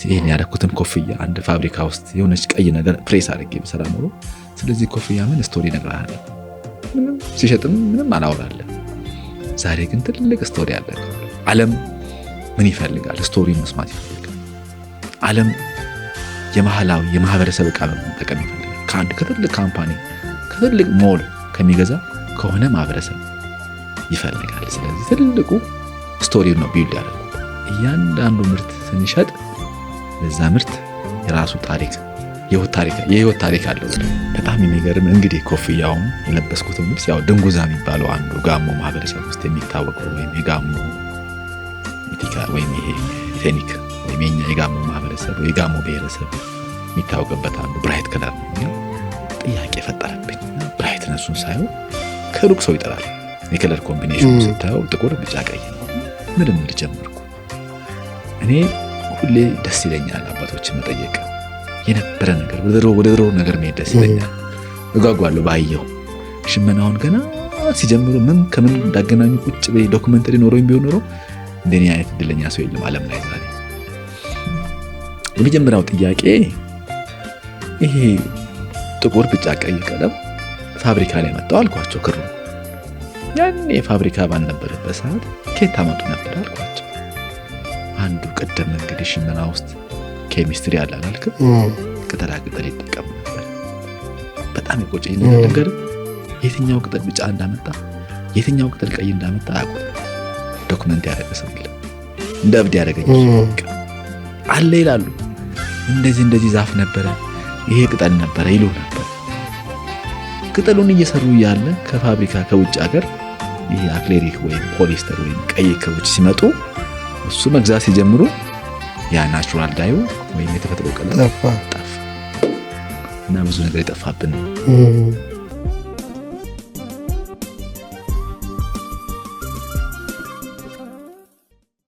ውስጥ ይህን ያደረኩትን ኮፍያ አንድ ፋብሪካ ውስጥ የሆነች ቀይ ነገር ፕሬስ አድርጌ ብሰራ ኖሮ ስለዚህ ኮፍያ ምን ስቶሪ ነግረሃለ። ምንም ሲሸጥም ምንም አላወራለ። ዛሬ ግን ትልቅ ስቶሪ አለ። አለም ምን ይፈልጋል? ስቶሪ መስማት ይፈልጋል። አለም የማህላዊ የማህበረሰብ እቃ መጠቀም ይፈልጋል። ከአንድ ከትልቅ ካምፓኒ ከትልቅ ሞል ከሚገዛ ከሆነ ማህበረሰብ ይፈልጋል። ስለዚህ ትልቁ ስቶሪ ነው ቢልድ ያደርጉ እያንዳንዱ ምርት ስንሸጥ ለዛ ምርት የራሱ ታሪክ የህይወት ታሪክ አለው። በጣም የሚገርም እንግዲህ ኮፍያውም የለበስኩትም ልብስ ያው ድንጉዛ የሚባለው አንዱ ጋሞ ማህበረሰብ ውስጥ የሚታወቀው ወይም የጋሞ ኢቲካ ወይም ይሄ ፌኒክ ወይም የኛ የጋሞ ማህበረሰብ የጋሞ ብሔረሰብ የሚታወቅበት አንዱ ብራይት ከለር ነው። ጥያቄ የፈጠረብኝ ብራይት ነሱን ሳየው ከሩቅ ሰው ይጠራል። የከለር ኮምቢኔሽኑ ስታየው ጥቁር፣ ቢጫ፣ ቀይ ነው። ምርምር ጀመርኩ እኔ ሁሌ ደስ ይለኛል አባቶችን መጠየቅ የነበረ ነገር ወደ ድሮ ነገር መሄድ ደስ ይለኛል። እጓጓለሁ ባየው ሽመናውን ገና ሲጀምሩ ምን ከምን እንዳገናኙ ቁጭ ዶክመንተሪ ኖረው ቢሆን ኖሮ እንደኔ አይነት እድለኛ ሰው የለም አለም ላይ ዛሬ። የመጀመሪያው ጥያቄ ይሄ ጥቁር፣ ብጫ ቀይ ቀለም ፋብሪካ ላይ መጣው አልኳቸው። ክሩ ያኔ ፋብሪካ ባልነበረበት ሰዓት ኬት አመጡ ነበር አልኳቸው። ቀደም እንግዲህ ሽመና ውስጥ ኬሚስትሪ አለ አላልክም? ቅጠላ ቅጠል ይጠቀሙ ነበር። በጣም የቆጨኝ ነገር የትኛው ቅጠል ብጫ እንዳመጣ የትኛው ቅጠል ቀይ እንዳመጣ አቁ ዶክመንት ያደረገ ሰው ለ እንደ እብድ ያደረገኝ አለ ይላሉ። እንደዚህ እንደዚህ ዛፍ ነበረ፣ ይሄ ቅጠል ነበረ ይሉ ነበር። ቅጠሉን እየሰሩ እያለ ከፋብሪካ ከውጭ ሀገር ይህ አክሌሪክ ወይም ፖሊስተር ወይም ቀይ ክቦች ሲመጡ እሱ መግዛት ሲጀምሩ ያ ናቹራል ዳዩ ወይም የተፈጥሮ ቀለም ጠፋ እና ብዙ ነገር የጠፋብን